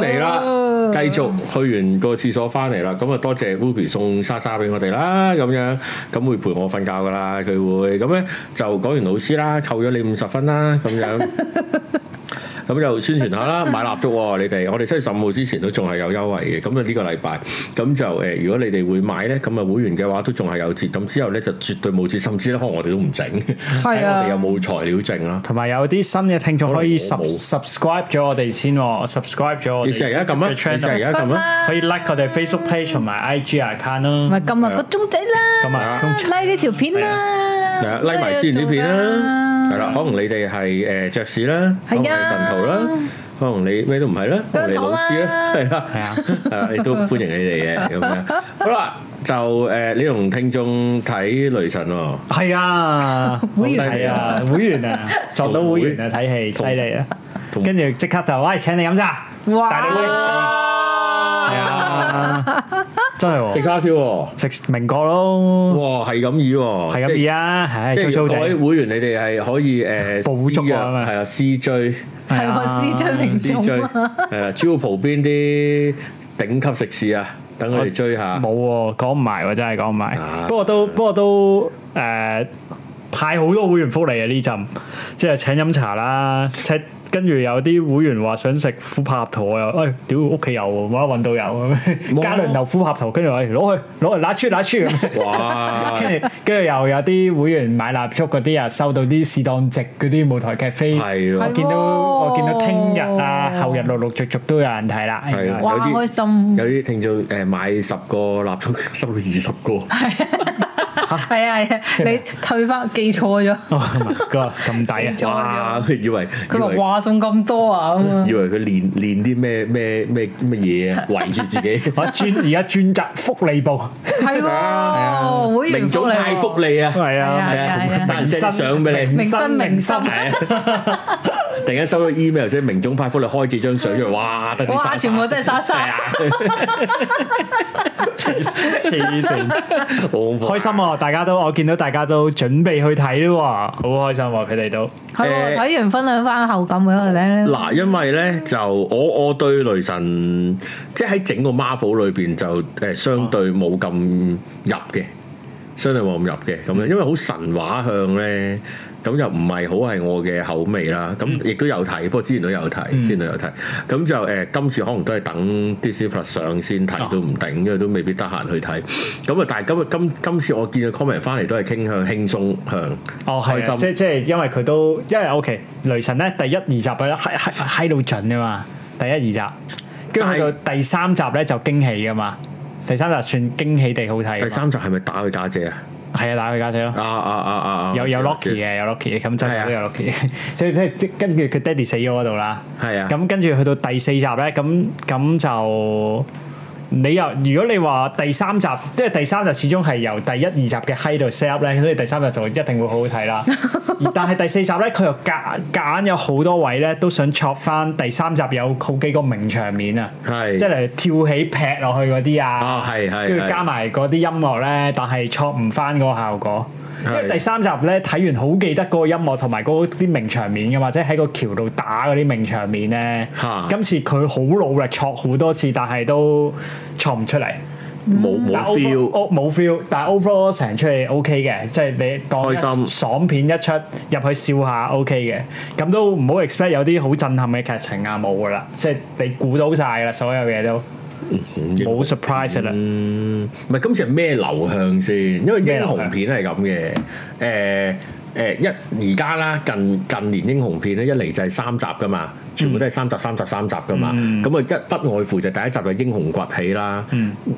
嚟啦，繼續去完個廁所翻嚟啦，咁啊多謝 Vicky 送莎莎俾我哋啦，咁樣咁會陪我瞓覺噶啦，佢會咁咧就講完老師啦，扣咗你五十分啦，咁樣。咁就宣傳下啦，買蠟燭喎，你哋，我哋七月十五號之前都仲係有優惠嘅，咁啊呢個禮拜，咁就誒，如果你哋會買咧，咁啊會員嘅話都仲係有折，咁之後咧就絕對冇折，甚至咧可能我哋都唔整，睇我哋有冇材料整啦。同埋有啲新嘅聽眾可以 sub subscribe 咗我哋先，subscribe 咗我哋。其實而家咁啦，其實而家咁啦，可以 like 我哋 Facebook page 同埋 IG account 啦。咪今日個鐘仔啦，拉呢條片啦，拉埋之前啲片啦。係啦，可能你哋係誒爵士啦，可能係神徒啦，可能你咩都唔係啦，我哋老師啦，係啦，係啊，你都歡迎你哋嘅咁樣。好啦，就誒，你同聽眾睇雷神喎，係啊，會員係啊，會員啊，撞到會員啊，睇戲犀利啊，跟住即刻就，喂，請你飲茶，哇，係啊。食叉燒，食明果咯。哇，係咁意喎，係咁意啊！即係做會員，你哋係可以誒捕捉啊，係啊，C j 係喎，C j 明中。啊，主要蒲浦邊啲頂級食肆啊，等我哋追下。冇喎，講唔埋喎，真係講唔埋。不過都不過都誒。派好多會員福利啊！呢陣即係請飲茶啦，請跟住有啲會員話想食腐、哎、哇鴨頭又喂，屌屋企有，冇得揾導遊，嘉麟又腐鴨頭，跟住攞去攞去拿出，拿出。拿拿哇！跟住跟住又有啲會員買蠟燭嗰啲啊，收到啲適當值嗰啲舞台劇飛，係喎的。見到的我見到聽日啊，後日陸陸續續都有人睇啦，係有啲開心，有啲聽眾誒買十個蠟燭收到二十個。 係啊，係啊，你退翻記錯咗。佢話咁大啊，佢以為佢話哇送咁多啊，以為佢練練啲咩咩咩乜嘢圍住自己。我專而家專責福利部，係啊，明早派福利啊，係啊，帶新相俾你，明心明心。突然間收到 email 即係，明總派福利開幾張相出嚟，哇！得啲全部都係沙沙，痴線，開心啊！大家都我見到大家都準備去睇咯，好開心啊！佢哋都，睇、 嗯、完分享翻後感俾我聽。嗱、嗯，嗯、因為咧就我我對雷神即係喺整個 Marvel 裏邊就誒相對冇咁入嘅。相對冇咁入嘅咁樣，因為好神話向咧，咁又唔係好係我嘅口味啦。咁亦都有睇，不過之前都有睇，嗯、之前都有睇。咁就誒、呃，今次可能都係等啲 i s 上先睇都唔定，因為都未必得閒去睇。咁啊，但係今今今次我見到 comment 翻嚟都係傾向輕鬆向，哦，係，開心，即即係因為佢都，因為 OK，雷神咧第一二集佢嗨嗨到準啊嘛，第一二集，跟住去到第三集咧就驚喜啊嘛。第三集算驚喜地好睇。第三集係咪打佢家姐啊？係啊，打佢家姐，姐咯。啊啊啊啊有有 Loki 嘅，有 Loki 嘅，咁、啊啊、真係都有 Loki。即即即跟住佢爹 a 死咗嗰度啦。係啊的。咁跟住去到第四集咧，咁咁就。你又如果你話第三集，即係第三集始終係由第一二集嘅喺度 set up 咧，所以第三集就一定會好好睇啦。 但係第四集咧，佢又夾夾硬有好多位咧都想 chock 翻第三集，有好幾個名場面啊，即係嚟跳起劈落去嗰啲啊，跟住、啊、加埋嗰啲音樂咧，但係 chock 唔翻嗰個效果。因為第三集咧睇完好記得嗰個音樂同埋嗰啲名場面嘅，或者喺個橋度打嗰啲名場面咧。嚇！哈 今次佢好努力錯好多次，但係都錯唔出嚟。冇冇 feel，冇 feel。但係 overall 成出嚟 OK 嘅，即係你當開心 爽片一出入去笑下 OK 嘅。咁都唔好 expect 有啲好震撼嘅劇情啊，冇噶啦，即係你估到晒啦，所有嘢都。冇 surprise 啦，唔係今次係咩流向先？因為英雄片係咁嘅，誒誒一而家啦，近近年英雄片咧一嚟就係三集噶嘛，全部都係三集、三集、三集噶嘛。咁啊一不外乎就第一集就英雄崛起啦，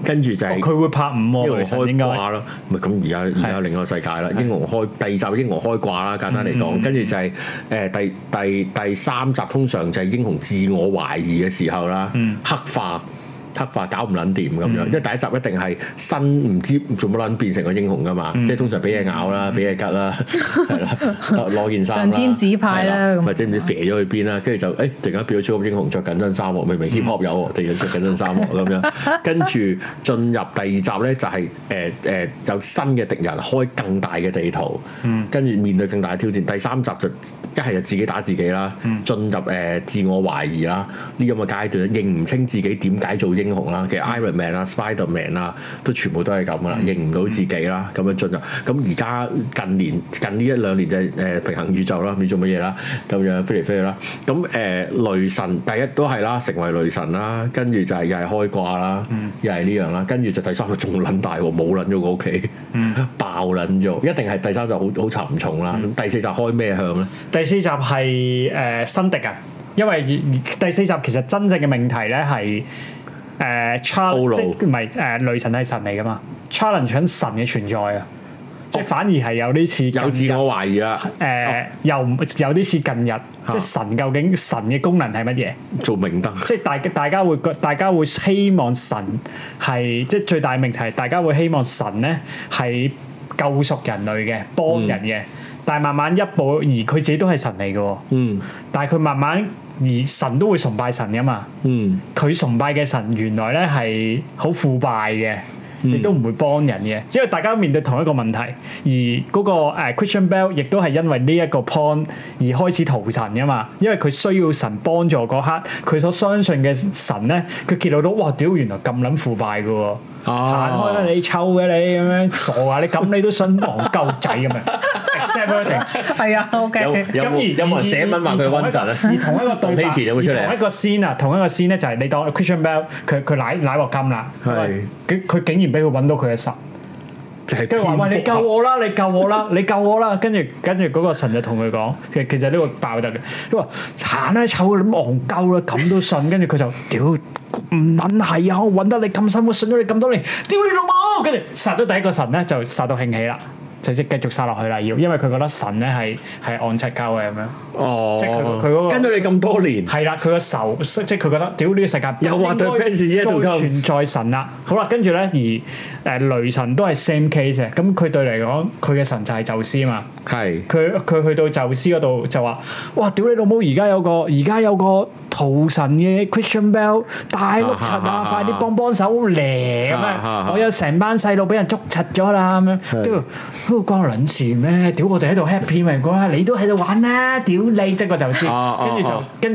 跟住就係佢會拍五喎開掛咯。咪咁而家而家另一個世界啦，英雄開第二集英雄開掛啦，簡單嚟講，跟住就係誒第第第三集通常就係英雄自我懷疑嘅時候啦，黑化。黑化搞唔撚掂咁樣，因為第一集一定係新唔知做乜撚變成個英雄噶嘛，嗯、即係通常俾嘢咬啦，俾嘢吉啦，係 啦，攞件衫啦，上天指派啦或者唔知肥咗去邊啦，跟住就誒、欸、突然間變咗超級英雄，着緊身衫喎，明明 Hip Hop 有喎，突然着緊身衫喎咁樣。跟住進入第二集咧、就是，就係誒誒有新嘅敵人，開更大嘅地圖，跟住面對更大嘅挑戰。第三集就一係就自己打自己啦，嗯、進入誒、呃、自我懷疑啦呢咁嘅階段，認唔清自己點解做英雄。英雄啦，其實 Iron Man 啦、嗯、Spider Man 啦，都全部都係咁噶啦，認唔到自己啦，咁樣進入咁。而家、嗯、近年近呢一兩年就係誒平衡宇宙啦，唔知做乜嘢啦，咁樣飛嚟飛去啦。咁誒、呃、雷神第一都係啦，成為雷神啦，跟住就係又係開掛啦，嗯、又係呢樣啦，跟住就第三，個、嗯、第三集仲撚大喎，冇撚咗個屋企，爆撚咗，一定係第三集好好沉重啦。嗯、第四集開咩向咧？第四集係誒新敵啊，因為第四集其實真正嘅命題咧係。誒 challenge 唔係誒雷神係神嚟噶嘛？challenge 搶神嘅存在啊，oh. 即係反而係有呢次有自我懷疑啦。誒又有啲似近日，近日 oh. 即係神究竟神嘅功能係乜嘢？做明燈，即係大大家會，大家會希望神係即係最大命題，大家會希望神咧係救贖人類嘅，幫人嘅。Mm. 但係慢慢一步，而佢自己都係神嚟嘅。嗯，mm. 但係佢慢慢。而神都會崇拜神噶嘛，佢、嗯、崇拜嘅神原來咧係好腐敗嘅，亦都唔會幫人嘅，因為大家面對同一個問題。而嗰個 Christian Bale 亦都係因為呢一個 point 而開始屠神噶嘛，因為佢需要神幫助嗰刻，佢所相信嘅神咧，佢揭露到哇，屌原來咁撚腐敗嘅喎，行、哦、開啦你臭嘅你咁樣，傻啊你咁 你都想戇鳩仔咁樣。 s 係啊，OK。有有冇人寫文話佢瘟神而同一個對白，而同一個仙啊，同一個仙咧，就係你當 Christian Bale，佢佢奶奶獲金啦。係，佢佢竟然俾佢揾到佢嘅神，就係話喂，你救我啦，你救我啦，你救我啦。跟住跟住嗰個神就同佢講，其實呢個爆得嘅，因為慘啦臭啦咁戇鳩啦，咁都信。跟住佢就屌唔撚係啊！我揾得你咁辛苦，信咗你咁多年，屌你老母！跟住殺咗第一個神咧，就殺到興起啦。就即係繼續殺落去啦，要，因為佢覺得神咧係係按七交嘅咁樣。哦，即係佢佢嗰個跟到你咁多年。係啦，佢嘅仇，即係佢覺得，屌呢個世界應該做存在神啦。好啦，跟住咧，而誒雷神都係 same case，咁佢對嚟講，佢嘅神就係宙斯嘛。係。佢佢去到宙斯嗰度就話，哇，屌你老母！而家有個而家有個屠神嘅 Christian Bell 大碌柒啊，快啲幫幫手嚟咁樣。我有成班細路俾人捉柒咗啦咁樣。都關輪事咩？屌我哋喺度 happy 咪，哇！你都喺度玩啦、啊，屌你！即、就係、個宙斯，跟住就跟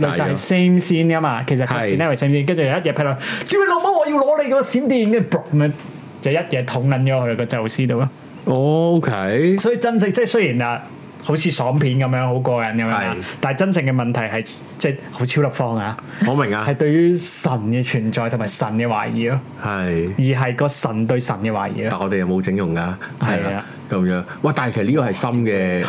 住落曬 same 先噶嘛。其實嗰時呢位 same 先是，跟住一嘢劈落，叫你老母我要攞你個閃電咁樣就一嘢捅撚咗去個宙斯度咯。Oh, OK，所以真正即係雖然啊。好似爽片咁樣，好過癮咁樣。是但係真正嘅問題係，即係好超立方啊！我明啊，係對於神嘅存在同埋神嘅懷疑咯。係是。而係個神對神嘅懷疑咯。但我哋又冇整容㗎。係啊，咁樣、啊。哇！ 但係其實呢個係深嘅。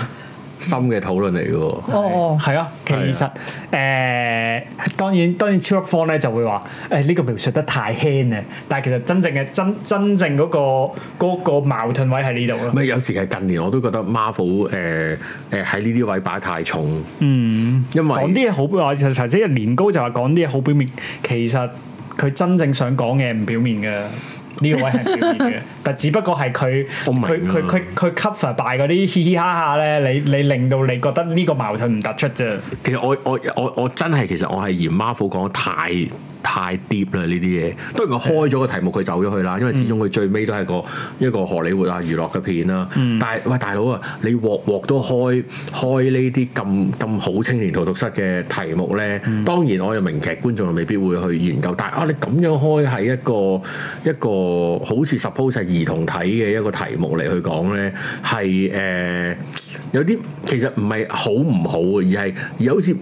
深嘅討論嚟嘅喎，哦哦，係啊，其實誒係、啊呃、當然當然超級方咧就會話誒呢個描述得太輕啊，但係其實真正嘅真真正嗰、嗰個嗰個矛盾位喺呢度咯。咪有時係近年我都覺得 Marvel 誒、呃、誒喺、呃、呢啲位擺太重，嗯，因為講啲嘢好表面，頭先年糕就話話講啲嘢好表面，其實佢真正想講嘅唔表面㗎。呢 位係表現嘅， 但只不過係佢佢佢佢佢 cover 曬嗰啲嘻嘻哈哈咧，你你令到你覺得呢個矛盾唔突出啫。其實我我我我真係其實我係嫌 Marvel 講得太。太 deep 啦，呢啲嘢，當然我開咗個題目佢 Yeah. 走咗去啦，因為始終佢最尾都係個一個荷里活啊娛樂嘅片啦。Yeah. 但係喂大佬啊，你鑊鑊都開開呢啲咁咁好青年荼毒室嘅題目呢？Yeah. 當然我有明劇觀眾又未必會去研究，但係啊你咁樣開係一個一個好似 suppose 係兒童睇嘅一個題目嚟去講呢，係誒、呃、有啲其實唔係好唔好啊，而係有好似。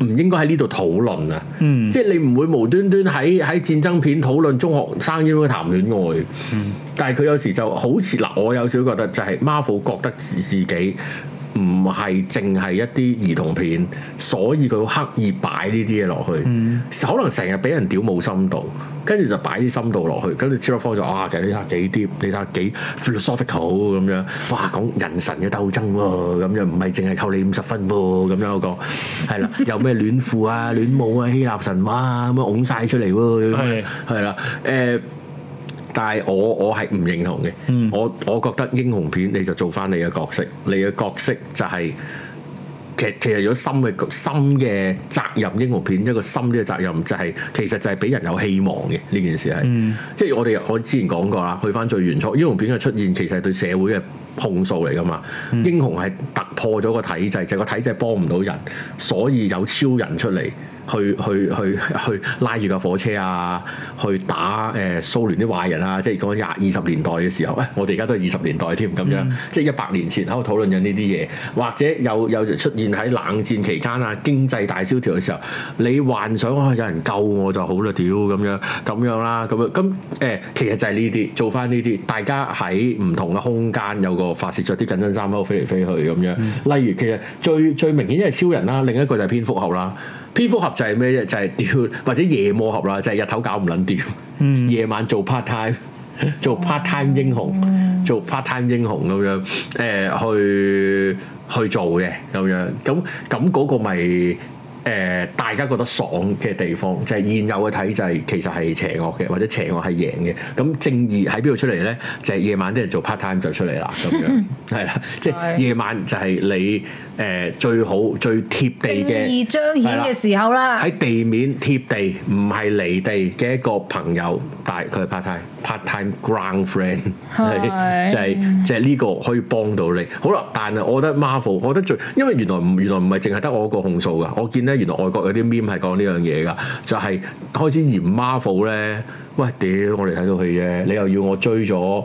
唔應該喺呢度討論啊！嗯、即係你唔會無端端喺喺戰爭片討論中學生應該談戀愛。嗯、但係佢有時就好似嗱，我有少覺得就係 Marvel 覺得自己。唔係淨係一啲兒童片，所以佢刻意擺呢啲嘢落去，嗯、可能成日俾人屌冇深度，跟住就擺啲深度落去。跟住 c h a r 就啊，其實呢刻幾 deep，你睇下幾 philosophical 咁樣，哇，講人神嘅鬥爭喎，咁樣唔係淨係扣你五十分喎，咁樣我講，係啦， 有咩戀父啊、戀母啊、希臘神話、啊、咁樣拱晒出嚟喎，係係啦，誒的。但係我我係唔認同嘅，嗯、我我覺得英雄片你就做翻你嘅角色，你嘅角色就係其實其實如果深嘅深嘅責任英雄片一個深嘅責任就係、是、其實就係俾人有希望嘅呢件事係，嗯、即係我哋我之前講過啦，去翻最原初英雄片嘅出現其實係對社會嘅控訴嚟㗎嘛，嗯、英雄係突破咗個體制，就係、個體制幫唔到人，所以有超人出嚟。去去去去拉住架火車啊！去打誒、呃、蘇聯啲壞人啊！即係講廿二十年代嘅時候咧，我哋而家都係二十年代添咁樣，嗯、即係一百年前喺度討論緊呢啲嘢，或者有有出現喺冷戰期間啊，經濟大蕭條嘅時候，你幻想、哎、有人救我就好啦，屌咁樣咁樣啦咁樣咁誒、呃，其實就係呢啲做翻呢啲，大家喺唔同嘅空間有個發洩咗啲緊張衫，喺度飛嚟飛去咁樣。樣，嗯、例如其實最最明顯，因為超人啦，另一個就係蝙蝠俠啦。蝙蝠俠就係咩啫？就係、是、屌或者夜魔俠啦，就係、是、日頭搞唔撚掂，夜、嗯、晚做 part time 做 part time 英雄，嗯、做 part time 英雄咁樣誒、呃、去去做嘅咁樣咁咁嗰個咪、就、誒、是呃、大家覺得爽嘅地方就係、是、現有嘅體制其實係邪惡嘅，或者邪惡係贏嘅，咁正義喺邊度出嚟咧？就係、是、夜晚啲人做 part time 就出嚟啦，咁樣係啦，即係夜晚就係你。誒最好最貼地嘅，正義彰顯嘅時候啦，喺地面貼地，唔係離地嘅一個朋友，但係佢係 part time，part time ground friend，是 就係、是、就係、是、呢個可以幫到你。好啦，但係我覺得 Marvel，我覺得最，因為原來原來唔係淨係得我一個控訴㗎。我見咧，原來外國有啲 meme 係講呢樣嘢㗎，就係、是、開始嫌 Marvel 咧，喂屌！我哋睇到佢啫，你又要我追咗。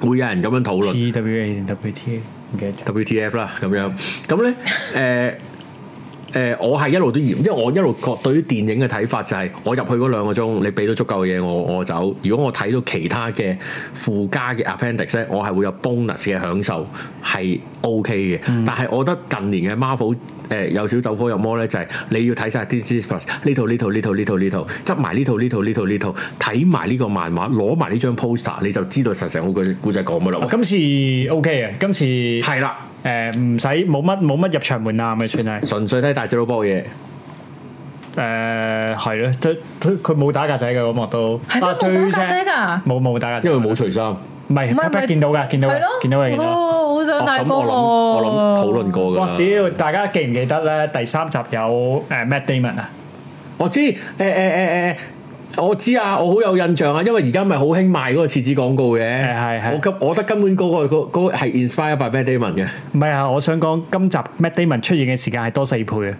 會有人咁樣討論。W A 定 W T 唔記得咗。W,、A N、W T F 啦咁樣，咁咧誒。 呃誒、呃，我係一路都嫌，因為我一路覺對於電影嘅睇法就係、是，我入去嗰兩個鐘，你俾到足夠嘅嘢，我我走。如果我睇到其他嘅附加嘅 appendix 咧，我係會有 bonus 嘅享受，係 OK 嘅。但係我覺得近年嘅 Marvel 誒、呃、有少走火入魔咧，就係、是、你要睇晒 Disney Plus 呢套呢套呢套呢套呢套，執埋呢套呢套呢套呢套，睇埋呢個漫畫，攞埋呢張 poster，你就知道實成個古仔講乜啦。今次 okay，今次 OK 嘅，今次係啦。誒，唔使冇乜冇乜入場門啊，咪算係純粹睇大隻佬煲嘢。誒，係咯，佢佢佢冇打格仔嘅，我望到係咯冇打格仔噶，冇冇打，因為冇除衫，唔係唔係見到嘅，見到嘅，見到嘅。哦，好想大波，我諗我諗討論過嘅。我屌，大家記唔記得咧？第三集有誒 Matt Damon 啊，我知誒誒誒誒。我知啊，我好有印象啊，因為而家咪好興賣嗰個廁紙廣告嘅。係係係。我覺我覺得根本嗰個係 inspire by Matt Damon 嘅。唔係啊，我想講今集 Matt Damon 出現嘅時間係多四倍啊。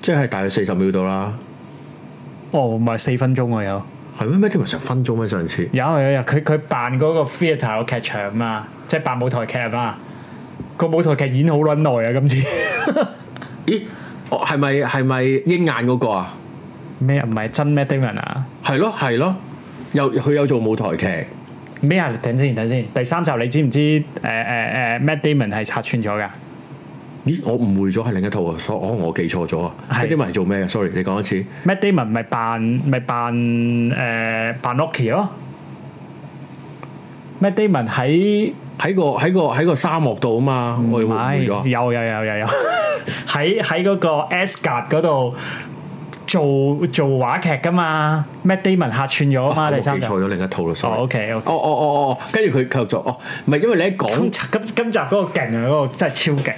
即係大約四十秒到啦。哦，唔係四分鐘啊，有。係咩？Matt Damon 十分鐘咩？上次。有有有，佢佢扮嗰個 theater 個劇場嘛，即係扮舞台劇啊。個舞台劇演好卵耐啊，今次 咦？哦，係咪係咪鷹眼嗰個啊？咩唔係真咩？Damon 啊？係咯係咯，又佢有做舞台劇。咩啊？等先，等先。第三集你知唔知？誒誒誒 Matt Damon 係拆穿咗嘅。咦？我誤會咗係另一套啊！所我我記錯咗啊！呢啲咪係做咩嘅？Sorry，你講一次。Matt Damon 咪扮咪扮誒扮 Loki 咯。Matt Damon 喺喺個喺個喺個沙漠度啊嘛，我會唔會啊？有有有有有，喺喺嗰個 Asgard 嗰度。做做話劇㗎嘛 Matt Damon 客串咗啊嘛，哦、你記錯咗另一套咯，所以 OK 哦哦哦哦，跟住佢繼續哦，唔、哦、係，哦哦哦、因為你一講今今集嗰個勁啊，嗰、那個真係超勁，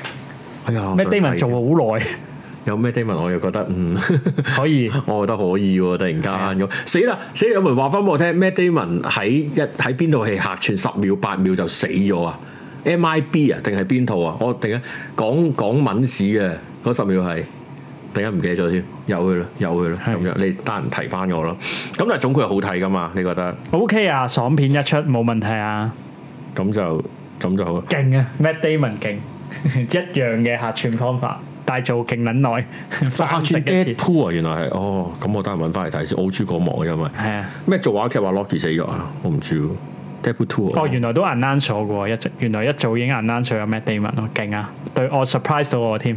係啊 Matt Damon 做咗好耐，有 Matt Damon 我又覺得嗯可以， 我覺得可以喎，突然間咁 Okay. 死啦，死咗咪話翻俾我聽 Matt Damon 喺一喺邊套戲客串十秒八秒就死咗啊？MIB 啊，定係邊套啊？我突然講講文史嘅嗰十秒係。突然唔記得咗先，有佢啦，有佢啦，咁樣你得閒提翻我咯。咁但係總括好睇噶嘛？你覺得？O K 啊，爽片一出冇問題啊。咁就咁就好。勁啊，Matt Damon 勁，一樣嘅客串方法，但係做勁撚耐。下穿嘅 pull 啊，原來係哦，咁我得閒揾翻嚟睇先，我唔知嗰幕啊，因為係啊，咩做話劇話 Loki 死咗啊，我唔知。Deadpool two 哦，原來都 announce 咗嘅喎，一直原來一早已經 announce 咗，Matt Damon 咯，勁啊，對我 surprise 到我添。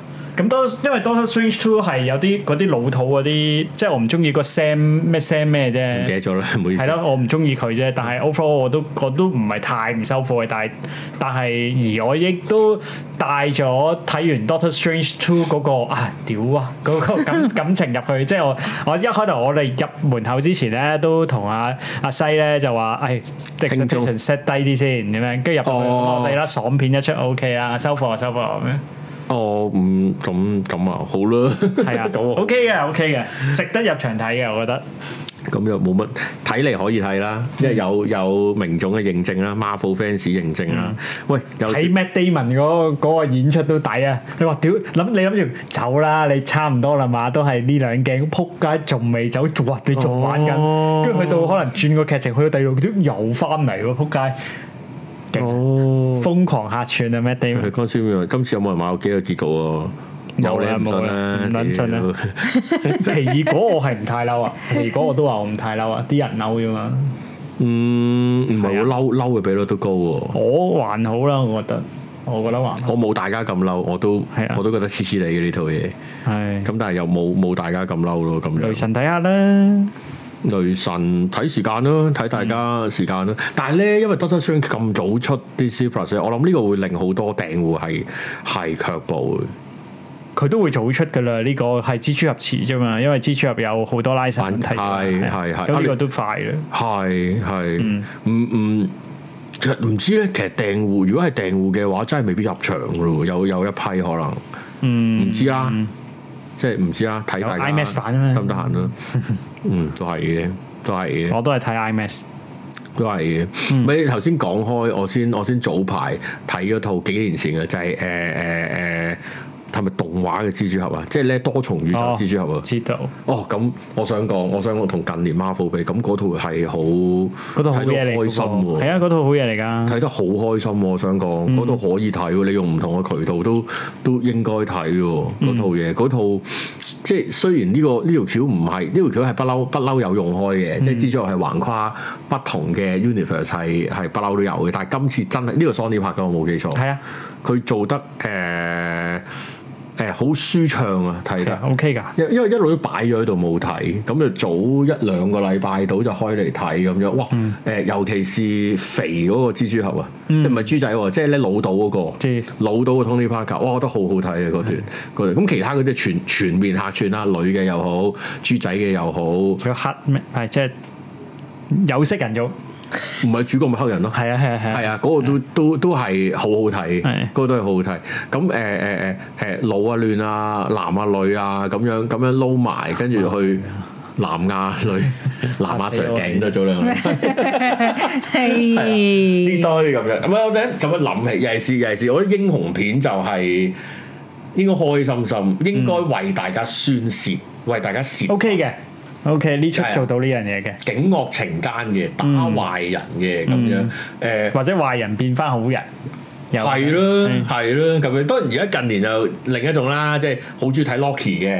咁多，因為 Doctor Strange Two 係有啲嗰啲老土嗰啲，即係我唔中意個 Sam 咩 Sam 咩啫，唔記得咗啦。唔好意思。係咯，我唔中意佢啫。但係 overall 我，我都我都唔係太唔收貨嘅。但係但係而我亦都帶咗睇完 Doctor Strange Two 嗰個 啊屌啊嗰個感感情入去， 即係我我一開頭我哋入門口之前咧都同阿阿西咧就話，唉，直情 set 低啲先咁樣，跟住入去我哋啦爽片一出 OK 啊，收貨收貨咁樣。哦，唔咁咁啊，好啦，係啊，OK 嘅，OK 嘅，值得入場睇嘅，我覺得。咁又冇乜睇嚟可以睇啦，因為有有名種嘅認證啦，Marvel fans 認證啦。喂，睇 Matt Damon 嗰嗰個演出都抵啊！你話屌，諗你諗住走啦，你差唔多啦嘛，都係呢兩鏡。咁撲街仲未走，哇！你仲玩緊，跟住去到可能轉個劇情，去到第六章又翻嚟喎，撲街！哦。瘋狂客串啊？咩？今次有冇人買我幾個結局？有啦，冇啦，諗唔出啦。奇異果我係唔太嬲啊，奇異果我都話我唔太嬲啊，啲人嬲啫嘛。嗯，唔係好嬲，嬲嘅比率都高喎。我還好啦，我覺得，我覺得還好。我冇大家咁嬲，我都我都覺得黐黐地嘅呢套嘢。係咁，但係又冇冇大家咁嬲咯，咁樣。雷神睇下啦。雷神睇時間咯，睇大家時間咯。嗯、但係咧，因為 Doctor Strange 咁早出啲 C++，我諗呢個會令好多訂戶係係卻步。佢都會早出噶啦，呢、呢個係蜘蛛俠池啫嘛。因為蜘蛛俠有好多拉神問題，係係係，呢個都快啦。係係，嗯嗯，其實唔知咧。其實訂戶如果係訂戶嘅話，真係未必入場噶咯。有有一批可能，唔知啊。嗯嗯即係唔知 I 有有啊，睇大家得唔得閒咯？嗯，都係嘅，都係嘅。我都係睇 IMAX，都係嘅。唔係、嗯、你頭先講開，我先我先早排睇咗套幾年前嘅，就係誒誒誒。呃呃呃係咪動畫嘅蜘蛛俠啊？即係咧多重宇宙蜘蛛俠啊、哦！知道哦，咁我想講，我想講同近年 Marvel 比，咁嗰套係好嗰套好嘢嚟㗎，係、嗰個、啊，嗰套好嘢嚟㗎，睇得好開心喎！我想講嗰、嗯、套可以睇喎，你用唔同嘅渠道都都應該睇嗰套嘢，嗰、嗯、套即係雖然呢、呢個呢條、呢個呢個、橋唔係呢條橋係不嬲不嬲有用開嘅，嗯、即係蜘蛛俠係橫跨不同嘅 universe 係不嬲都有嘅，但係今次真係呢、呢個 Sony 拍嘅，我冇記錯係啊，佢的做得誒。呃誒 好舒暢啊，睇得、yeah, OK 㗎，因因為一路都擺咗喺度冇睇，咁就早一兩個禮拜到就開嚟睇咁樣，哇！誒、mm. 尤其是肥嗰個蜘蛛俠啊、mm.，即唔係豬仔喎，即係咧老到嗰個老到嘅 Tony Parker，哇，覺得好好睇啊，嗰段嗰段，咁、mm. 其他嗰啲全全面客串啦，女嘅又好，豬仔嘅又好，佢黑咩？係即係有色人種。唔係主角咪、就是、黑人咯？係 啊係啊係，係啊嗰個都都都係好好睇，嗰個都係好好睇。咁誒誒誒誒，老啊亂啊男啊女啊咁樣咁樣撈埋，跟住，去男啊女男啊上鏡多咗兩個人，呢堆咁樣。唔係我哋咁樣諗起，又係事，又係事。我覺得英雄片就係應該開心心，應該為大家宣洩，為大家泄。O K 嘅。O K，呢出做到呢樣嘢嘅，警惡懲奸嘅，打壞人嘅咁、嗯、樣，誒、嗯、或者壞人變翻好人，係咯係咯咁樣。啊啊、當然而家近年就另一種啦，即係好中意睇 Loki 嘅，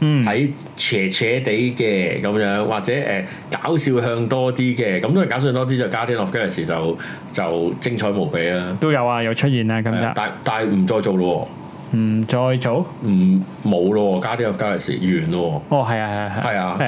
喺、嗯、斜斜地嘅咁樣，或者誒、欸、搞笑向多啲嘅，咁都係搞笑多啲。就，就 Guardians of the Galaxy 就就精彩無比啦，都有啊，有出現啊，咁樣，但但係唔再做咯。唔再做？唔冇咯，加啲又加嚟食，完咯。哦，係啊，係啊，係啊。誒，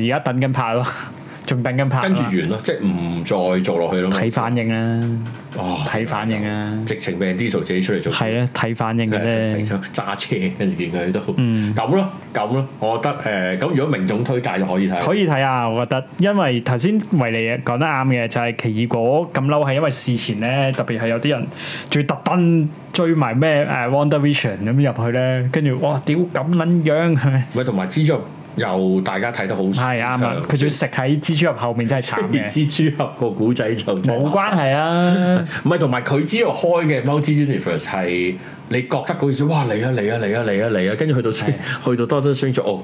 誒，而家等緊拍咯。 仲等緊拍，跟住完咯，即係唔再做落去咯。睇反應啦，哦，睇反應啊！直情 band 自己出嚟做出，係咧睇反應嘅啫。揸 車跟住見佢都咁咯，咁咯、嗯，我覺得誒咁、呃、如果明總推介就可以睇，可以睇啊！我覺得，因為頭先維尼講得啱嘅就係、是、奇異果咁嬲，係因為事前咧特別係有啲人最特登追埋咩誒 WandaVision 咁入去咧，跟住哇屌咁撚樣，喂，同埋蜘蛛。又大家睇得好， 係啱啦。佢仲要食喺蜘蛛俠後面真係慘嘅。蜘蛛俠個古仔就冇關係啊。唔係同埋佢知道開嘅 multi universe 係你覺得嗰陣時，哇嚟啊嚟啊嚟啊嚟啊嚟啊，跟住去到穿 去到多都穿咗屋，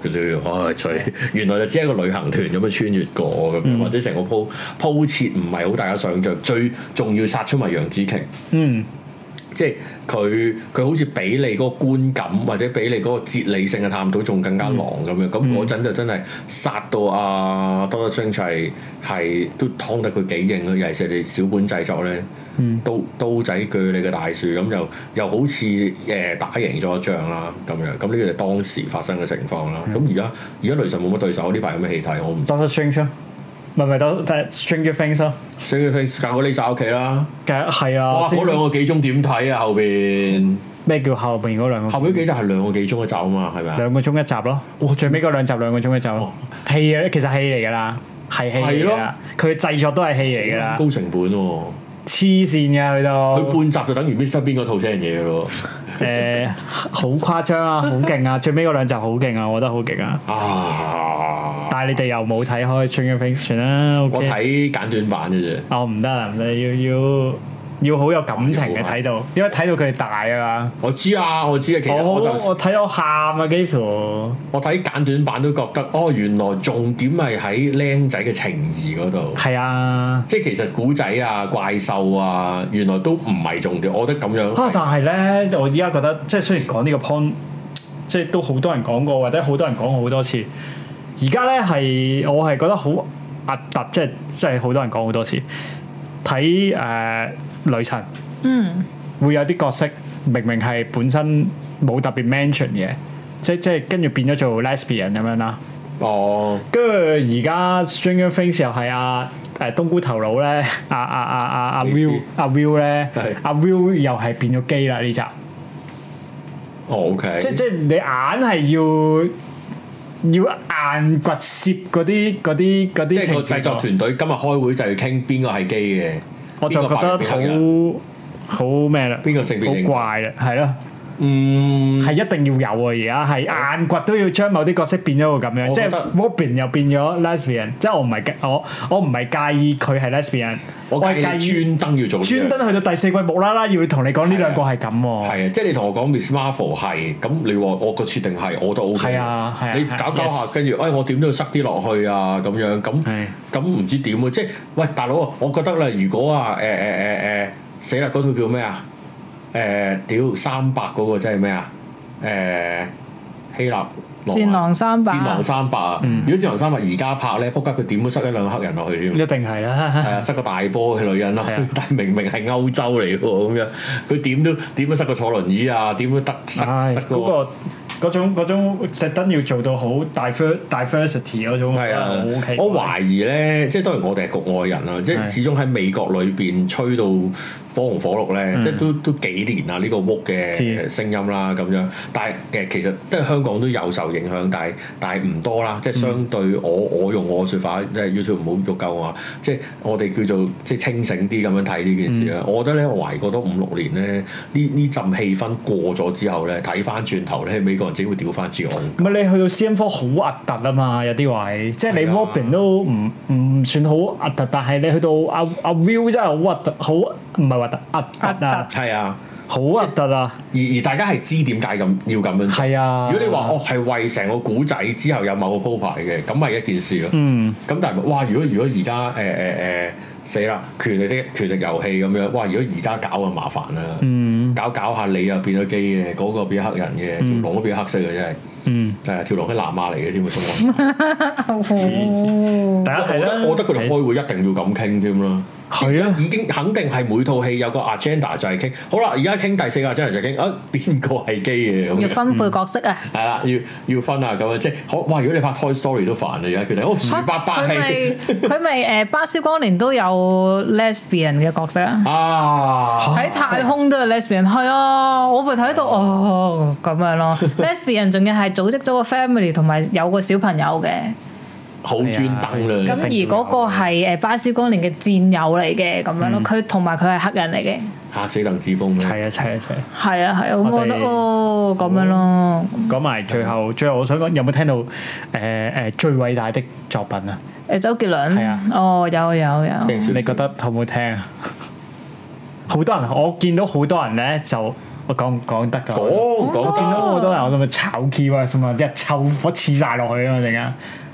原來就只係一個旅行團咁樣穿越過咁。嗯、或者成個鋪鋪設唔係好大嘅想象。最重要殺出埋楊紫瓊，嗯，即係。佢佢好似俾你嗰個觀感，或者俾你嗰個哲理性嘅探討，仲更加狼咁樣。咁嗰陣就真係殺到啊，Doctor Strange 係都㓥得佢幾勁咯。尤其是佢小本製作咧，刀刀仔鋸你嘅大樹，咁又又好似誒、呃、打贏咗一仗啦。咁樣，咁呢個就當時發生嘅情況啦。咁而家而家雷神冇乜對手，呢排有咩戲睇？我唔 Doctor Strange 咪係唔係都睇 Stranger Things 咯。Stranger Things 隔我呢集屋企啦，嘅係啊，哇嗰兩個幾鐘點睇啊，後邊？咩叫後邊嗰兩個？後邊幾集係兩個幾鐘一集啊嘛，係咪啊？兩個鐘一集咯，哇最尾嗰兩集兩個鐘一集，戲啊，其實戲嚟噶啦，係戲嚟噶，佢製作都係戲嚟噶啦，高成本，黐線噶佢都，佢半集就等於 miss 邊個套呢樣嘢咯，誒好誇張啊，好勁啊，最尾嗰兩集好勁啊，我覺得好勁啊。你哋又冇睇開《Spring Break》算啦。我睇簡短版嘅啫。哦，唔得啊，要要要好有感情嘅睇到，因為睇到佢哋大啊嘛。我知啊，我知啊。其實、oh, 我睇到喊啊幾乎。Gabriel、我睇簡短版都覺得，哦，原來重點係喺僆仔嘅情義嗰度。係啊，即係其實古仔啊、怪獸啊，原來都唔係重點。我覺得咁樣。嚇、啊！但係咧，我依家覺得，即係雖然講呢個 point，即係都好多人講過，或者好多人講過好多次。而家咧係我係覺得好壓突，即係即係好多人講好多次，睇誒旅程，呃、嗯，會有啲角色明明係本身冇特別 mention 嘅，即即係跟住變咗做 lesbian 咁樣啦。哦，跟住而家 Stranger Things 又係阿誒冬菇頭腦咧，阿阿阿阿阿 Will 阿 Will 咧，阿、啊、Will、啊啊啊啊 yes. 啊、又係變咗 gay 啦呢集。o、okay. k 即即係你硬係要。要硬掘蝕嗰啲啲啲，即係個製作團隊今日開會就係傾邊個係基嘅，我就覺得好好咩啦，邊個性別好怪啦，係咯。嗯，係一定要有啊！而家係硬掘都要將某啲角色變咗個咁樣，即係 Robin 又變咗 Lesbian，即係我唔係我我唔係介意佢係 Lesbian。我係介意專登要做，專登去到第四季冇啦啦要同你講呢兩個係咁。係啊，啊，即係你同我講 Miss Marvel 係咁，你話我個設定係我都 OK。係啊，係啊。你搞搞、啊、搞下，跟住 yes.，哎，我點都要塞啲落去啊咁樣咁咁唔知點啊！啊即係喂，大佬，啊，我覺得啦，如果啊，誒誒誒誒，死啦！嗰、欸、套叫咩啊？誒、欸、屌三百嗰個真係咩啊？誒、欸、希臘羅，戰狼三百，戰狼三百啊！嗯、如果戰狼三百而家拍呢，仆街佢點都塞一兩個黑人落去一定係啦。係啊， 塞個大波嘅女人咯， 啊、但係明明係歐洲嚟喎咁樣，佢點都點都塞個坐輪椅啊？點都得塞，、哎、塞個。那個嗰種特登要做到好 diverse diversity 嗰種，係啊，我懷疑咧，即係當然我哋係局外人啦，即係是始終喺美國裏邊吹到火紅火綠咧，嗯、即係都都幾年啦呢、呢個屋嘅聲音啦咁樣。但係誒其實即係香港都有受影響，但係但係唔多啦，即係相對我、嗯、我用我嘅説法，即係 YouTube 唔好喐鳩我，即係我哋叫做即係清醒啲咁樣睇呢件事啦。嗯、我覺得咧，我懷疑過多五六年咧，呢呢陣氣氛過咗之後咧，睇翻轉頭咧，美國。自己會調翻轉我。唔係你去到 CM Four 好核突啊嘛，有啲位，即係你 Robin 是、啊、都唔唔算好核突，但係你去到阿阿 Will 真係好核突。好唔係核突核突啊！係啊，心心好核突啊！而而大家係知點解咁要咁樣做？係是啊！如果你話我係為成個古仔之後有某個鋪排嘅，咁係一件事咯。嗯。咁但係哇，如果如果而家誒誒誒～、呃呃呃死啦！權力的權力遊戲咁樣，哇！如果而家搞就麻煩啦，嗯、搞搞下你又變咗機嘅，嗰、嗰個變黑人嘅，嗯、條龍都變黑色嘅真係。嗯但藍馬，係啊，條龍係南亞嚟嘅添啊，中國。大家睇我覺得我覺得佢哋開會一定要咁傾添啦。係啊，已經肯定係每套戲有個 agenda 就係傾。好啦，而家傾第四個 agenda 就係傾。啊邊個係 gay 嘅咁要分配角色啊？係、嗯、啦，要要分啊咁樣，即係哇！如果你拍 Toy Story 都煩啦，而家決定好唔明白。佢咪佢咪誒？巴斯光年都有 lesbian 嘅角色啊！啊，喺太空都有 lesbian，係 啊！我咪睇到哦咁樣咯。 lesbian 仲要係組織咗個 family，同埋有個小朋友嘅。好專登啦！咁而嗰個係巴斯光年嘅戰友嚟嘅咁樣咯，佢同埋佢係黑人嚟嘅，嚇死鄧智峰砌一砌一砌。係啊，係啊，咁我覺得哦咁樣咯。講埋最後，最後我想講，有冇聽到誒誒最偉大的作品啊？誒，周杰倫係啊，哦，有有有，你覺得好唔好聽？好多人，我見到好多人咧，就我講唔講得㗎，我見到好多人，我咪炒 keyboard，甚至啲火刺晒落去啊嘛，陣間。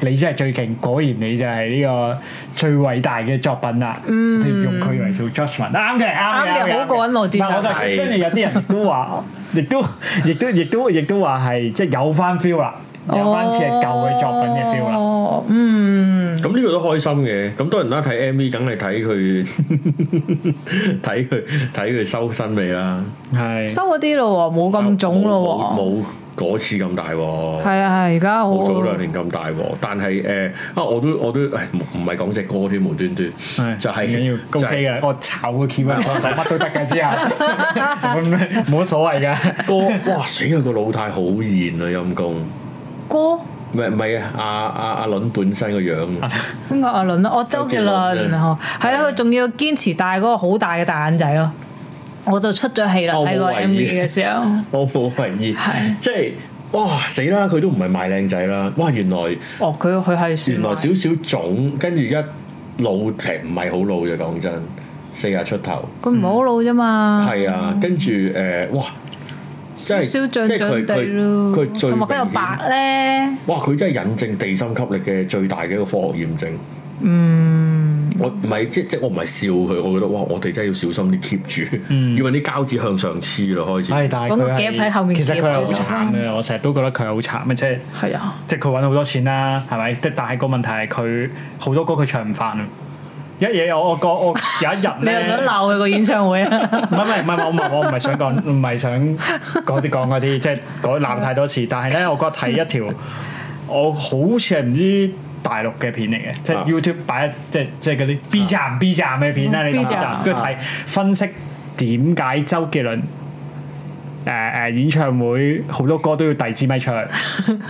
你真係最勁，果然你就係呢個最偉大嘅作品啦！嗯，用佢嚟做 judgement，啱嘅，啱嘅，好過揾我支持。唔係，我就跟住有啲人都話，亦都，亦都，亦都，亦都話係，即係有翻 feel 啦，有翻似係舊嘅作品嘅 feel 啦。嗯。咁呢個都開心嘅，咁多人咧睇 MV，梗係睇佢睇佢睇佢收身未啦？係收咗啲咯喎，冇咁腫咯喎，冇。嗰次咁大喎，係啊係，而家好早兩年咁大喎，但係誒啊我都我都唔唔係講隻歌添，無端，端端，就係、是、就係個炒個 key 啊，乜都得嘅之下，冇乜 所謂嘅歌。哇死啊個老太好賢啊陰功，歌，唔係唔係啊阿阿、啊啊啊啊啊、阿倫本身個樣啊，邊個阿倫啊？我周杰倫哦，係啊佢仲、啊、要堅持戴嗰、嗰個好大嘅大眼仔咯。我就出咗氣啦，睇個 MV 嘅時候，我冇懷疑，係 即係哇死啦！佢都唔係賣靚仔啦，哇，哇原來哦佢佢係原來少少腫，跟住一老停唔係好老嘅，講真四十出頭，佢唔係好老啫嘛，係、嗯、啊，跟住誒哇少少漲漲地咯，同埋佢又白咧，哇佢、嗯、真係引證地心吸力嘅最大嘅一個科學驗證，嗯。我唔係即即我唔係笑佢，我覺得哇！我哋真係要小心啲 keep 住，嗯、要揾啲膠紙向上黐咯，開始。係，但係佢係。其實佢係好慘嘅，我成日都覺得佢係好慘。咩即係？係啊。即係佢揾好多錢啦，係咪？即但係個問題係佢好多歌佢唱唔返。一嘢我我覺我有一日 你又想鬧佢個演唱會啊？唔係唔係唔係唔係我唔係想講唔係想啲講嗰啲即係講鬧太多次，但係咧我覺得睇一條，我好似係唔知。大陸嘅片嚟嘅，即係 YouTube 擺一、啊、即係即係嗰啲 B 站 B 站嘅片啦，啊、你睇跟住睇分析點解周杰倫誒誒、呃呃、演唱會好多歌都要遞支咪唱？唔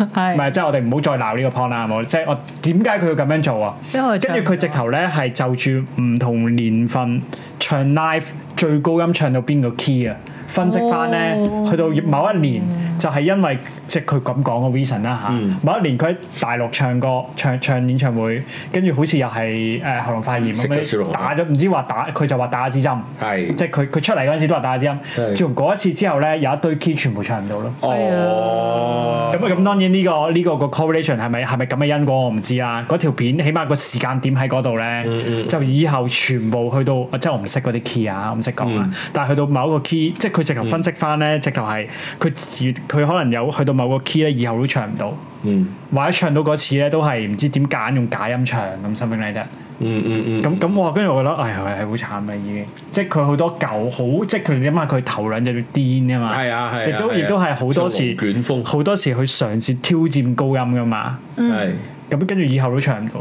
係即係我哋唔好再鬧呢個 point 啦，係冇，即係我點解佢要咁樣做啊？跟住佢直頭咧係就住唔同年份唱 live 最高音唱到邊個 key 啊？分析翻咧，去到某一年就係、是、因為即係佢咁講嘅 reason 啦嚇。就是嗯、某一年佢喺大陸唱歌、唱唱演唱會，跟住好似又係誒、呃、喉嚨發炎咁樣打咗，唔知話打佢就話打支針。係是的 即係佢佢出嚟嗰陣時都話打支針。是的 自從嗰一次之後咧，有一堆 key 全部唱唔到咯。哦。咁，咁當然呢個呢個個 correlation 係咪係咪咁嘅因果，我唔知啊，嗰條片起碼個時間點喺嗰度咧，mm hmm. 就以後全部去到，即係我唔識嗰啲 key 啊，我唔識講啊，mm hmm. 但係去到某一個 key，即係佢直頭分析翻咧，mm hmm. 直頭係佢自佢可能有去到某個 key 咧，以後都唱唔到，mm hmm. 或者唱到嗰次咧，都係唔知點揀用假音唱咁，something like that。嗯嗯嗯，咁咁哇，跟住、嗯嗯、我覺得，唉、哎，係係好慘啦已經，即係佢好多舊好，即係佢你諗下佢頭兩隻要癲啊嘛，係啊係，亦、啊、都亦都係好多時好多時去嘗試挑戰高音噶嘛，係，咁跟住以後都唱唔到，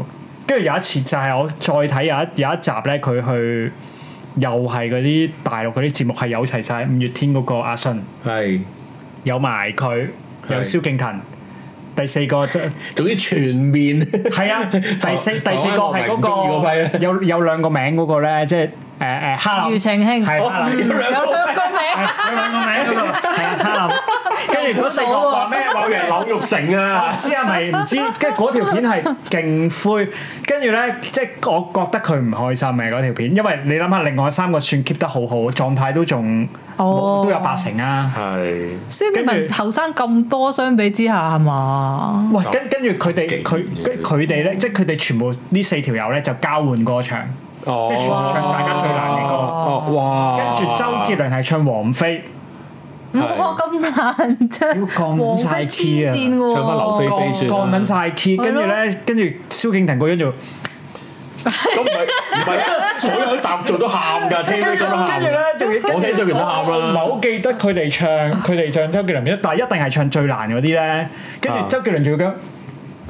跟住有一次就係我再睇有一有一集咧，佢去又係嗰啲大陸嗰啲節目係有齊晒五月天嗰個阿信，係、啊、有埋佢有蕭敬騰。第四個，即係，總之全面。 係啊，第四第四個係嗰個有有兩個名嗰、嗰個咧，即係。誒誒，哈林，庾澄慶係，有兩個名，有兩個名咁啊！哈林，跟住嗰四個話咩柳瑩、柳玉成啊，知係咪？唔知，跟住嗰條片係勁灰，跟住咧，即係我覺得佢唔開心啊！嗰條片，因為你諗下，另外三個算 keep 得好好，狀態都仲哦，都有八成啊，係。所以你同後生咁多相比之下係嘛？哇！跟跟住佢哋，佢跟佢哋咧，即係佢哋全部呢四條友咧就交換過場。即係全唱大家最難嘅歌，哇！跟住周杰倫係唱王菲，哇，咁難唱，要降晒 key 喎，唱翻劉菲菲先，降緊晒 key，跟住咧，跟住蕭敬騰個樣就，咁唔係唔係所有搭做都喊㗎，TV 做到跟住咧做嘢，我聽周杰倫都喊啦。唔係好記得佢哋唱，佢哋唱周杰倫，但係一定係唱最難嗰啲咧。跟住周杰倫仲要咁。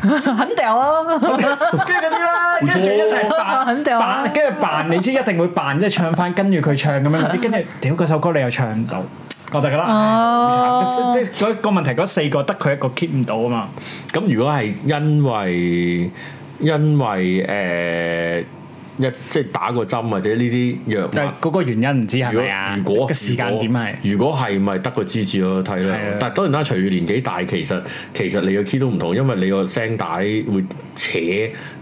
肯定咯、啊嗯，跟住啲啦，跟住 一齊扮，跟住扮，你知一定會扮，即係唱翻跟住佢唱咁樣啲，跟住屌嗰首歌你又唱唔到，我得噶啦，好慘，即係嗰個問題，嗰四個得佢一個 keep 唔到啊嘛，咁如果係因為因為誒。呃一即係打個針或者呢啲藥但係嗰個原因唔知係如果嘅時間點係如果係咪得個支持咯？睇啦。是的 但係當然啦，隨住年紀大，其實其實你個 key 都唔同，因為你個聲帶會扯，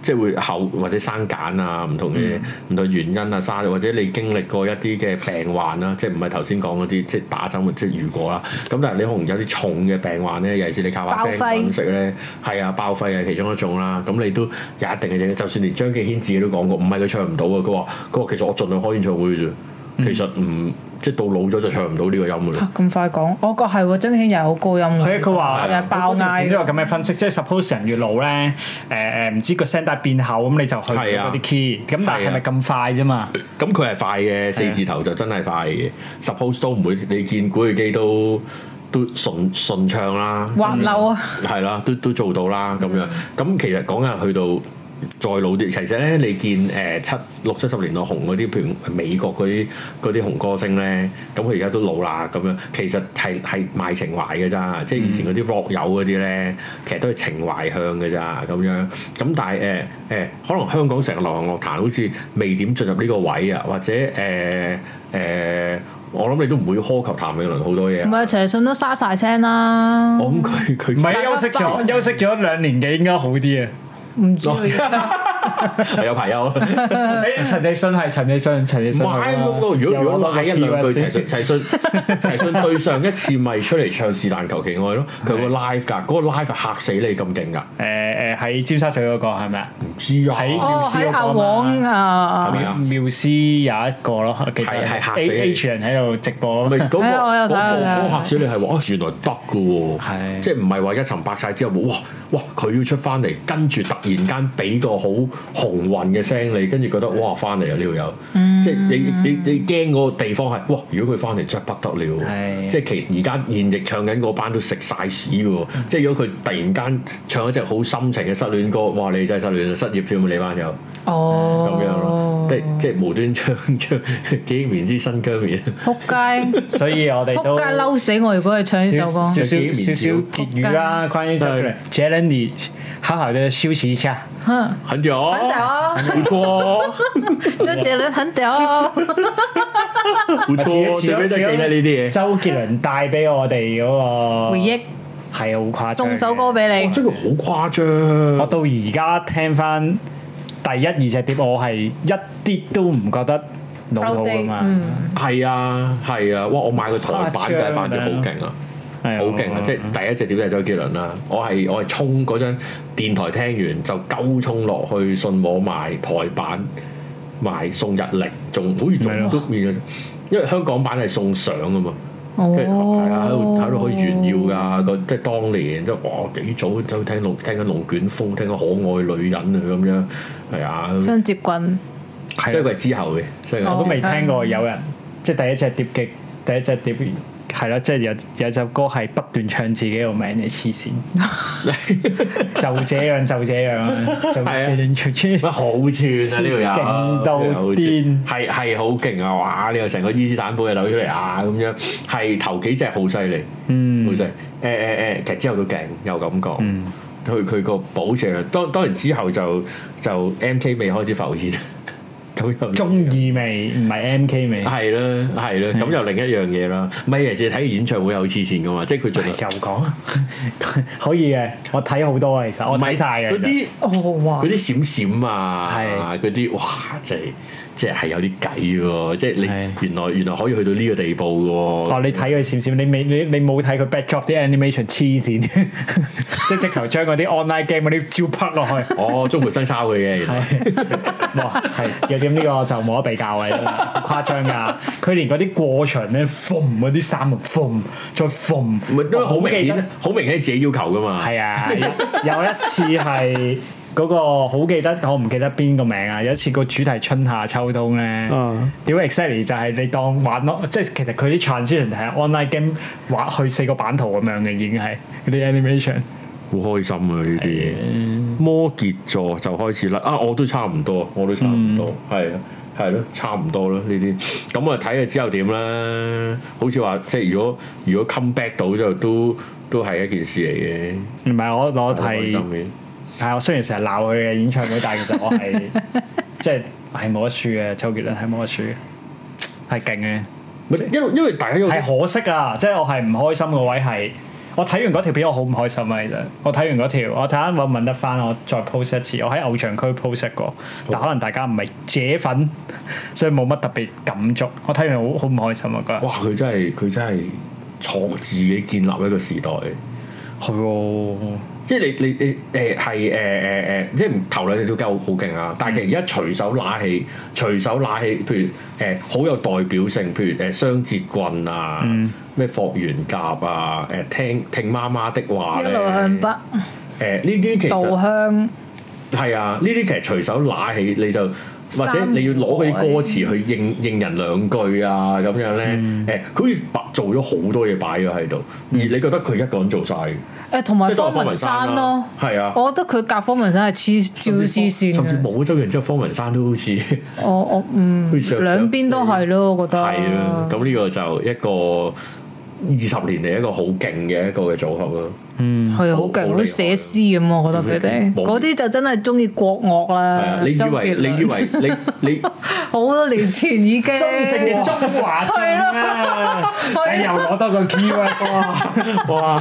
即係會厚或者生繭啊，唔同嘅唔、嗯、同原因啊，沙或者你經歷過一啲嘅病患啦，即係唔係頭先講嗰啲即係打針或者如果啦。咁但係你可能有啲重嘅病患咧，尤其是你靠發聲揾食咧，係啊肥，爆肺係其中一種啦。咁你都有一定嘅，嘢，就算連張敬軒自己都講過，唔係。佢唱唔到啊！佢話佢話，其實我盡量開演唱會啫，嗯、其實唔即係到老咗就唱唔到呢個音啦。咁、啊、快講，我覺係喎，張敬軒好高音嘅。佢佢話，爆嗌、都有個咁嘅分析，即係 suppose 人越老咧，誒、呃、誒，唔知個聲帶變厚，咁你就去嗰啲 key、啊。咁但係咪咁快啫嘛？咁佢係快嘅，四字頭就真係快嘅。Suppose、啊、都唔會，你見古巨基都都順順暢啦，滑溜啊，係啦、嗯，都都，都做到啦，咁樣。咁其實講緊去到。再老啲，其實咧你見誒、呃、七六七十年代紅嗰啲，譬如美國嗰啲嗰啲紅歌星咧，咁佢而家都老啦咁樣。其實係係賣情懷嘅咋，即係以前嗰啲 rock 友嗰啲咧，其實都係情懷向嘅咋咁樣。咁但係誒誒，可能香港成個流行樂壇好似未點進入呢個位啊，或者誒誒、呃呃，我諗你都唔會苛求譚詠麟好多嘢。唔係，陳奕迅都沙晒聲啦。我諗佢佢唔係休息咗休息咗兩年幾，應該好啲啊。唔知啊，有排休？誒，陳奕迅係陳奕迅，陳奕迅。如果如果一兩句陳奕迅，陳奕迅對上一次咪出嚟唱是但求其愛咯，佢個 live 㗎，嗰個 live 係嚇死你咁勁㗎。誒誒，喺尖沙咀嗰個係咪啊？唔知啊，喺妙思嗰個啊嘛。係啊，妙思有一個咯，係係嚇死你。H 人喺度直播，咪嗰個嚇死你係話，哦原來得㗎喎，即係唔係話一層白晒之後，哇！哇！佢要出翻嚟，跟住突然間俾個好紅暈嘅聲、這個嗯、你，跟住覺得哇翻嚟啊！呢個友，即係你你你驚嗰個地方係哇！如果佢翻嚟真係不得了，的即係其而家現，現役唱緊嗰班都食晒屎嘅喎，即係如果佢突然間唱一隻好深情嘅失戀歌，哇！你真係失戀啊！失業票咪你班友。」哦，咁樣咯，即即係無端唱唱幾面之新疆面，撲街！所以我哋撲街嬲死我！如果係唱呢首歌，少少少少粵語啊，關於周杰倫，好好的休息一下。哼，很屌，很屌，唔錯。周杰倫很屌，唔錯，前面真係記得呢啲嘢。周杰倫帶俾我哋嗰個回憶，係啊，好誇張。送首歌俾你，真係好誇張。我到而家聽翻。第一二隻碟我係一啲都唔覺得濃厚噶嘛，係、嗯、啊係啊，哇！我買佢台版嘅版嘅好勁啊，好勁啊！即係第一隻碟就係周杰倫啦，我係我係衝嗰張電台聽完就鳩衝落去信和買台版買送日曆，仲好似仲都變咗，因為香港版係送相啊嘛。即係啊，喺度喺度可以炫耀㗎，個即係當年即係哇幾早就，即係聽龍聽緊龍捲風，聽緊可愛女人啊咁樣，係啊。雙截棍，即係佢係之後嘅，所以我都未聽過有人即係第一隻碟極，第一隻碟。係咯，即係有有首歌係不斷唱自己個名嘅黐線，就這樣就這樣，就亂串串，好串啊！呢度有勁到癲，係係好勁啊！哇，你又成個伊斯坦堡又扭出嚟啊！咁樣係頭幾隻係好犀利，嗯，好犀。誒誒誒，其實之後都勁有感覺，佢佢個保障，當當然之後就就 M K 未開始浮現。中意味唔係 MK 味，係咯係咯，咁又 的另一樣嘢啦。咪係，就睇演唱會有黐線噶嘛，即係佢最後又講是， 可以嘅，我睇好多啊，其實是我睇晒。嘅些。嗰啲有、哦、哇，嗰啲閃閃啊，嗰啲哇，真係。即係係有啲計喎，即係你原來是的 原來可以去到呢個地步嘅喎。哦，你睇佢閃閃，你未你你冇睇佢 backdrop 啲 animation 黐線， 即係直頭將嗰啲 online game 嗰啲招拍落去哦中。 哦，鍾培生抄佢嘅，原來。哇，係，咁呢個就冇得比較嘅，好誇張㗎。佢連嗰啲過場咧縫嗰啲衫，縫再縫，因為好明顯，好明顯自己要求㗎嘛。係啊，有一次係。 嗰、那個好記得，我唔記得邊個名啊！有一次個主題春夏秋冬咧，點 exactly、uh，就係你當玩咯，即係其實佢啲 transition 係 online game 畫去四個版圖咁樣嘅，已經係嗰啲 animation。好 anim 開心啊！呢啲摩羯座就開始啦，啊我都差唔多，我都差唔多，係、嗯、啊，係咯、啊，差唔多咯呢啲。咁我睇下之後點啦？好似話即係如果如果 come back 到就都都係一件事嚟嘅。唔係我我睇。係，我雖然成日鬧佢嘅演唱會，但係其實我係 即係係冇得輸嘅，周杰倫係冇得輸，係勁嘅。唔係，因因為大家要係可惜啊！即係我係唔開心個位係，我睇完嗰條片我好唔開心啊！其實我睇完嗰條，我睇下搵唔搵得返，我再 post 一次。我喺偶像區 post 過，好但可能大家唔係姐粉，所以冇乜特別感觸。我睇完好好唔開心啊！佢哇，佢真係佢真係創自己建立一個時代，係喎。即係你你你誒係誒誒誒，即係唔頭兩隻都夠好勁啊！但係其實一隨手拿起，隨手拿起，譬如誒好、欸、有代表性，譬如誒雙截棍啊，咩、嗯、霍元甲啊，誒聽聽媽媽的話咧，一路向北誒呢啲其實稻道香係啊，呢啲其實隨手拿起你就或者你要攞嗰啲歌詞去應應人兩句啊咁樣咧，誒佢好似白做咗好多嘢擺咗喺度，嗯、而你覺得佢一個人做晒。誒同埋方文山咯，係啊，啊我覺得佢夾方文山係黐黐線，甚至冇咗周杰倫之後，方文山都好似，我我、哦、嗯， 兩邊都係咯，我覺得係啊。咁呢個就一個二十年嚟一個好勁嘅一個嘅組合咯。嗯，係好強，好寫詩咁，我覺得佢哋嗰啲就真係中意國樂啦。係啊，你以為你以為你你好多年前已經真正嘅中華章你又攞多個 key，哇哇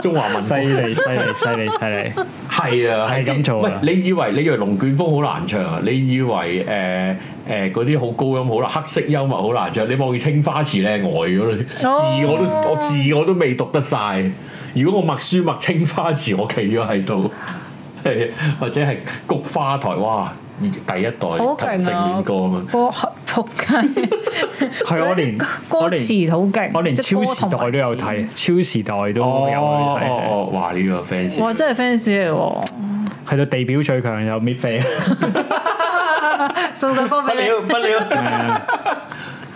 中華文，犀利犀利犀利犀利，係啊，係咁做啊！喂，你以為你以為龍捲風好難唱啊？你以為誒誒嗰啲好高音好難，黑色幽默好難唱。你望見青花瓷咧呆咗，字我都我字我都未讀得晒。如果我默書默青花瓷，我企咗喺度，或者係菊花台，哇！第一代好勁啊，歌撲街，係我連歌詞好勁，我連超時代都有睇，超時代都有睇。哦哦哦，哇！呢個 fans，我真係 fans 嚟喎，喺度地表最強有咩 fans？送首歌俾你，不了不了。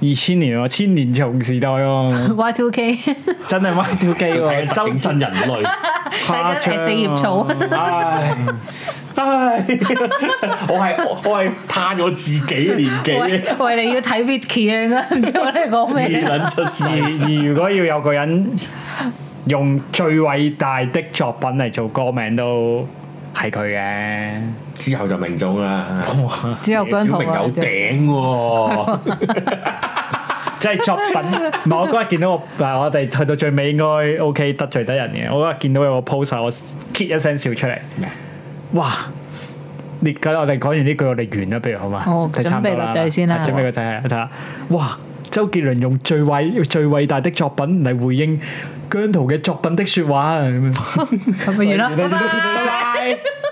二千年喎，千年蟲時代喎、啊、Y Two K 真係 Y Two K 整、啊、身 人類，係四葉草，唉唉、 哎哎， 我係我係嘆我自己年紀，喂， 你要睇 Wiki 啊？唔 知我哋講咩？而如果要有個人用最偉大的作品嚟做歌名，都係佢嘅。之後就明咗啦，小明有頂，即係作品。唔係我嗰日見到我，誒，我哋去到最尾應該 OK 得罪得人嘅。我嗰日見到有個 post，我 kit 一聲笑出嚟。哇！你覺得我哋講完呢句，我哋完啦，不如好嘛？哦，準備個仔先啦，準備個仔啊！哇！周杰倫用最偉最偉大的作品嚟回應姜濤嘅作品的說話，咁樣。咁咪完啦，拜拜。